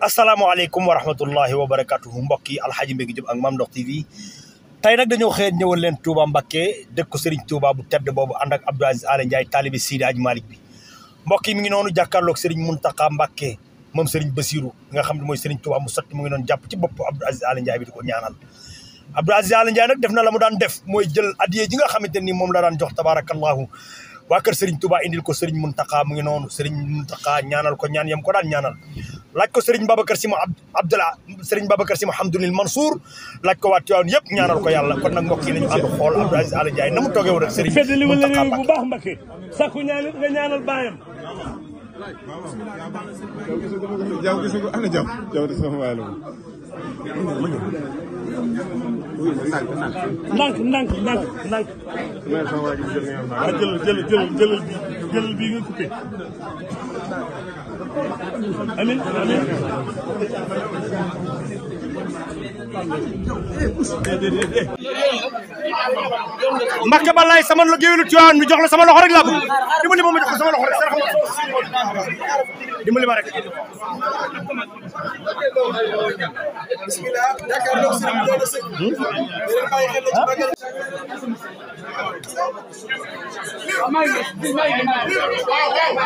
asalaamaaleykum wa rahmatullahi wa barakatuhu mbokk yi alxaaji Mbéngue Diop ak Mame Ndokh TV tey nag dañoo xëy ñëwal leen mbakke Mbacké ko Serigne Touba bu tedd boobu ànd ak Abdou Aziz Alé Ndiaye taalibi Sidi Hadj Malick bi mbokk yi ngi noonu jàkkaarloog Serigne Mountakha mbakke moom Serigne Bassirou nga xam ne mooy Serigne Touba mu sotti mu ngi noonu jàpp ci bopp Abdou Aziz Alé Ndiaye ko ñaanal Abdou Aziz Alé nag def na la mu daan def mooy jël addiye ji nga xamante ni moom la daan jox tabarakallahu waa kër Serigne Touba indil ko Serigne Mountakha mu ngi noonu Serigne Mountakha ñaanal ko ñaan yam ko daan ñaanal laaj ko Serigne Babacar Sy mu Abdala Serigne Babacar Sy Mouhamadoul Mansour laaj ko waa Tivaouane yëpp ñaanal ko yàlla kon nag mbokk yi nañu ànd xool Abdou Aziz Alla na mu toogee woon ak Serigne fedd li wala réew bu baax Mbacké sakku ñaan nga ñaanal baayam amiin amiin Mbacke Balaye sama la géwélu Tiwaan jox la sama loxo rek laa bëgg dimbali ma